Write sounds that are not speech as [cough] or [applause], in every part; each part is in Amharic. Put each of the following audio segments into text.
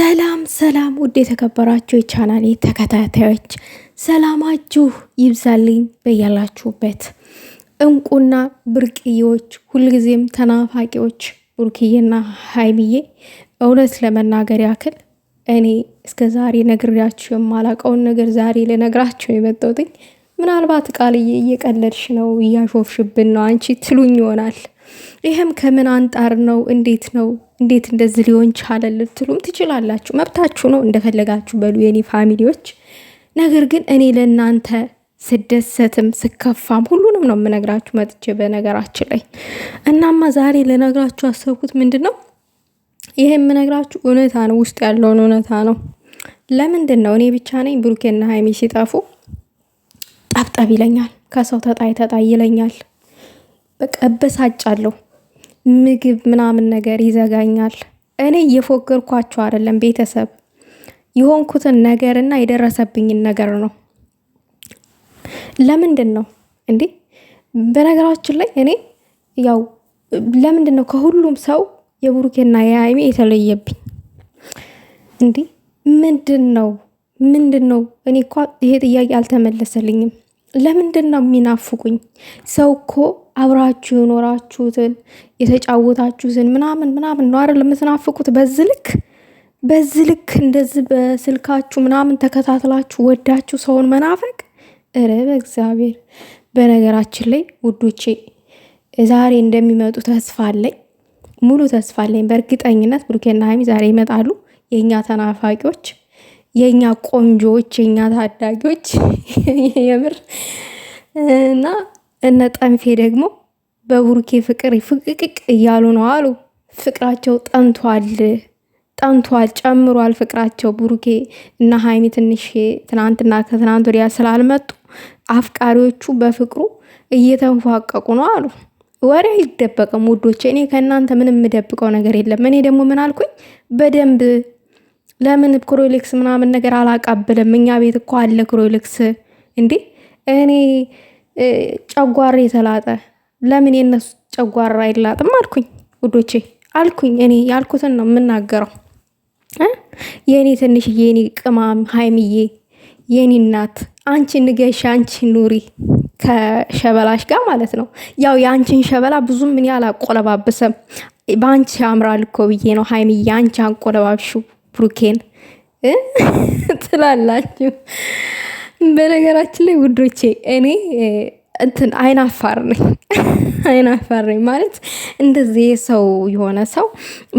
ሰላም ሰላም፣ ውድ የተከበራችሁ የቻናሌ ተከታታዮች ሰላማችሁ ይብዛልኝ በያላችሁበት። እንቁና ብርቅዬዎች ሁልጊዜም ተናፋቂዎች ብሩክዬና ሀይሚዬ እውነት ለመናገር ያክል እኔ እስከ ዛሬ ነግሬያችሁ የማላቀውን ነገር ዛሬ ልነግራችሁ የመጣሁት ምናልባት ቃልዬ እየቀለድሽ ነው እያሾፍሽብን ነው አንቺ ትሉኝ ይሆናል። ይህም ከምን አንጣር ነው እንዴት ነው እንዴት እንደዚህ ሊሆን ቻለ ልትሉም ትችላላችሁ። መብታችሁ ነው፣ እንደፈለጋችሁ በሉ የኔ ፋሚሊዎች። ነገር ግን እኔ ለእናንተ ስደሰትም ስከፋም ሁሉንም ነው የምነግራችሁ መጥቼ በነገራችን ላይ። እናማ ዛሬ ለነግራችሁ አሰብኩት ምንድን ነው ይህ የምነግራችሁ እውነታ ነው፣ ውስጥ ያለውን እውነታ ነው። ለምንድን ነው እኔ ብቻ ነኝ ብሩኬና ሀይሚ ሲጠፉ ጠብጠብ ይለኛል፣ ከሰው ተጣይ ተጣይ ይለኛል፣ በቃ እበሳጫለሁ። ምግብ ምናምን ነገር ይዘጋኛል። እኔ እየፎገርኳቸው አይደለም ቤተሰብ የሆንኩትን ነገርና የደረሰብኝን ነገር ነው። ለምንድን ነው እንዴ? በነገራችን ላይ እኔ ያው ለምንድን ነው ከሁሉም ሰው የብሩኬና የሀይሜ የተለየብኝ? እንዴ ምንድን ነው ምንድን ነው? እኔ እኳ ይሄ ጥያቄ አልተመለሰልኝም። ለምንድን ነው የሚናፍቁኝ ሰው እኮ አብራችሁ የኖራችሁትን የተጫወታችሁትን ምናምን ምናምን ነው አይደል የምትናፍቁት? በዚህ ልክ በዚህ ልክ እንደዚህ በስልካችሁ ምናምን ተከታትላችሁ ወዳችሁ ሰውን መናፈቅ፣ እረ በእግዚአብሔር። በነገራችን ላይ ውዶቼ ዛሬ እንደሚመጡ ተስፋ አለኝ፣ ሙሉ ተስፋ አለኝ። በእርግጠኝነት ብሩኬና ሀይሚ ዛሬ ይመጣሉ፣ የእኛ ተናፋቂዎች፣ የእኛ ቆንጆዎች፣ የእኛ ታዳጊዎች [laughs] የምር እና እነ ጠንፌ ደግሞ በቡርኬ ፍቅር ፍቅቅቅ እያሉ ነው አሉ። ፍቅራቸው ጠንቷል ጠንቷል ጨምሯል ፍቅራቸው። ቡሩኬ እና ሀይሚ ትንሽ ትናንትና ከትናንት ወዲያ ስላልመጡ አፍቃሪዎቹ በፍቅሩ እየተንፏቀቁ ነው አሉ። ወሬ አይደበቅም ውዶች፣ እኔ ከእናንተ ምን የምደብቀው ነገር የለም። እኔ ደግሞ ምን አልኩኝ በደንብ ለምን ክሮሊክስ ምናምን ነገር አላቀብልም? እኛ ቤት እኮ አለ ክሮሊክስ እንዴ እኔ ጨጓራ የተላጠ ለምን የነሱ ጨጓራ አይላጥም አልኩኝ ውዶቼ አልኩኝ። እኔ ያልኩትን ነው የምናገረው። የእኔ ትንሽዬ፣ የኔ ቅማም ሀይምዬ፣ የእኔ እናት አንቺ ንገሽ፣ አንቺ ኑሪ ከሸበላሽ ጋር ማለት ነው። ያው የአንቺን ሸበላ ብዙም ምን ያህል አቆለባብሰም በአንቺ አምራል እኮ ብዬ ነው ሀይምዬ፣ አንቺ አንቆለባብሹ ብሩኬን ትላላችሁ። በነገራችን ላይ ውዶቼ እኔ እንትን አይናፋር ነኝ [laughs] አይናፋር ነኝ ማለት እንደዚህ ሰው የሆነ ሰው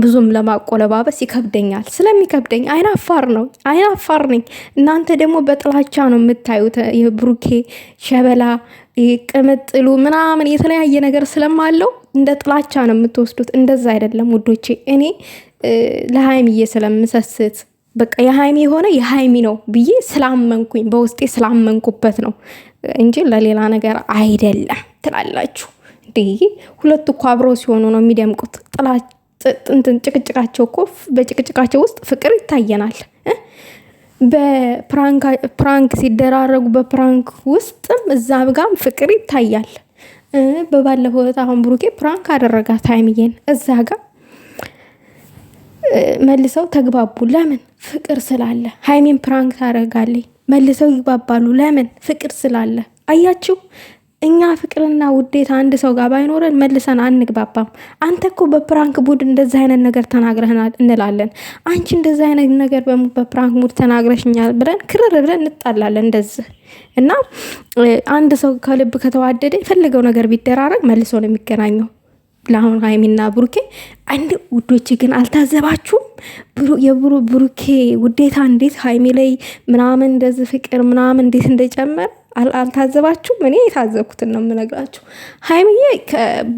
ብዙም ለማቆለባበስ ይከብደኛል። ስለሚከብደኝ አይናፋር ነው አይናፋር ነኝ። እናንተ ደግሞ በጥላቻ ነው የምታዩት። የብሩኬ ሸበላ ቅምጥሉ ምናምን የተለያየ ነገር ስለማለው እንደ ጥላቻ ነው የምትወስዱት። እንደዛ አይደለም ውዶቼ እኔ ለሀይምዬ ስለምሰስት በቃ የሀይሚ የሆነ የሀይሚ ነው ብዬ ስላመንኩኝ በውስጤ ስላመንኩበት ነው እንጂ ለሌላ ነገር አይደለም ትላላችሁ። እንዲህ ሁለቱ እኮ አብረው ሲሆኑ ነው የሚደምቁት። ጥላንትን ጭቅጭቃቸው እኮ በጭቅጭቃቸው ውስጥ ፍቅር ይታየናል። በፕራንክ ሲደራረጉ በፕራንክ ውስጥም እዛ ጋም ፍቅር ይታያል። በባለፈው አሁን ብሩኬ ፕራንክ አደረጋት ሀይሚዬን እዛ ጋር መልሰው ተግባቡ። ለምን? ፍቅር ስላለ። ሀይሜን ፕራንክ ታደርጋለች፣ መልሰው ይግባባሉ። ለምን? ፍቅር ስላለ። አያችሁ እኛ ፍቅርና ውዴታ አንድ ሰው ጋር ባይኖረን መልሰን አንግባባም። አንተ እኮ በፕራንክ ቡድ እንደዚ አይነት ነገር ተናግረህናል እንላለን። አንቺ እንደዚ አይነት ነገር በፕራንክ ሙድ ተናግረሽኛል ብለን ክርር ብለን እንጣላለን። እንደዚህ እና አንድ ሰው ከልብ ከተዋደደ የፈለገው ነገር ቢደራረግ መልሶ ነው የሚገናኘው። ለአሁን ሀይሚና ብሩኬ አንድ ውዶች ግን አልታዘባችሁም? የብሩ ብሩኬ ውዴታ እንዴት ሀይሚ ላይ ምናምን እንደዚህ ፍቅር ምናምን እንዴት እንደጨመረ አልታዘባችሁም? እኔ የታዘብኩትን ነው የምነግራችሁ። ሀይሚዬ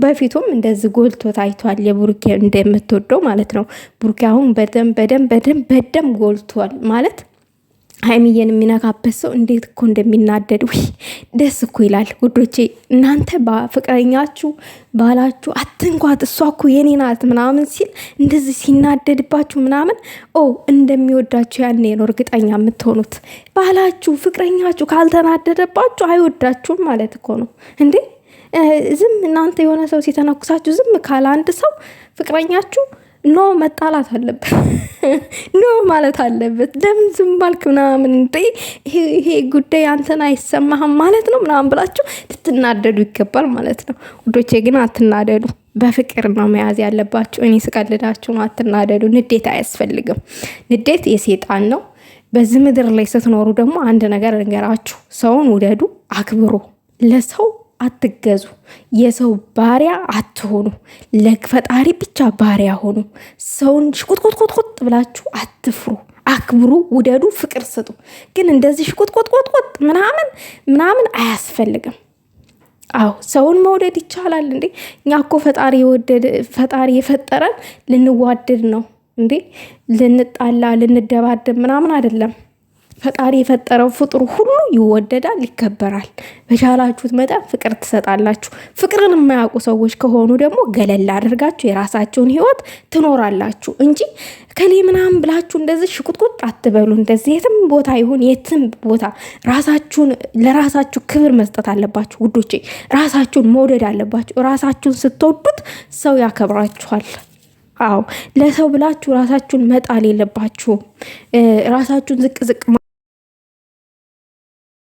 በፊቱም እንደዚህ ጎልቶ ታይቷል፣ የብሩኬ እንደምትወደው ማለት ነው። ብሩኬ አሁን በደም በደም በደም በደም ጎልቷል ማለት ሀይሚዬን የሚነካበት ሰው እንዴት እኮ እንደሚናደድ ወይ ደስ እኮ ይላል። ውዶቼ እናንተ ፍቅረኛችሁ ባላችሁ አትንኳት፣ እሷ እኮ የኔ ናት ምናምን ሲል እንደዚህ ሲናደድባችሁ ምናምን ኦ እንደሚወዳችሁ ያኔ ነው እርግጠኛ የምትሆኑት። ባላችሁ ፍቅረኛችሁ ካልተናደደባችሁ አይወዳችሁም ማለት እኮ ነው እንዴ። ዝም እናንተ የሆነ ሰው ሲተነኩሳችሁ ዝም ካለ አንድ ሰው ፍቅረኛችሁ ኖ መጣላት አለበት፣ [laughs] ኖ ማለት አለበት። ለምን ዝም ባልክ ምናምን እንደ ይሄ ጉዳይ አንተን አይሰማህም ማለት ነው ምናምን ብላችሁ ልትናደዱ ይገባል ማለት ነው። ውዶቼ ግን አትናደዱ፣ በፍቅር ነው መያዝ ያለባችሁ። እኔ ስቀልዳችሁ ነው፣ አትናደዱ። ንዴት አያስፈልግም። ንዴት የሴጣን ነው። በዚህ ምድር ላይ ስትኖሩ ደግሞ አንድ ነገር ንገራችሁ፣ ሰውን ውደዱ፣ አክብሩ ለሰው አትገዙ። የሰው ባሪያ አትሆኑ። ለፈጣሪ ብቻ ባሪያ ሆኑ። ሰውን ሽቁጥቁጥቁጥቁጥ ብላችሁ አትፍሩ። አክብሩ፣ ውደዱ፣ ፍቅር ስጡ። ግን እንደዚህ ሽቁጥቁጥቁጥቁጥ ምናምን ምናምን አያስፈልግም። አዎ ሰውን መውደድ ይቻላል እንዴ? እኛ እኮ ፈጣሪ የወደደ ፈጣሪ የፈጠረን ልንዋደድ ነው እንዴ? ልንጣላ ልንደባደብ ምናምን አይደለም። ፈጣሪ የፈጠረው ፍጡር ሁሉ ይወደዳል፣ ይከበራል። በቻላችሁት መጠን ፍቅር ትሰጣላችሁ። ፍቅርን የማያውቁ ሰዎች ከሆኑ ደግሞ ገለል አድርጋችሁ የራሳችሁን ህይወት ትኖራላችሁ እንጂ ከሌ ምናምን ብላችሁ እንደዚህ ሽቁጥቁጥ አትበሉ። እንደዚህ የትም ቦታ ይሁን የትም ቦታ ራሳችሁን ለራሳችሁ ክብር መስጠት አለባችሁ ውዶቼ። ራሳችሁን መውደድ አለባችሁ። ራሳችሁን ስትወዱት ሰው ያከብራችኋል። አዎ ለሰው ብላችሁ ራሳችሁን መጣል የለባችሁም። ራሳችሁን ዝቅ ዝቅ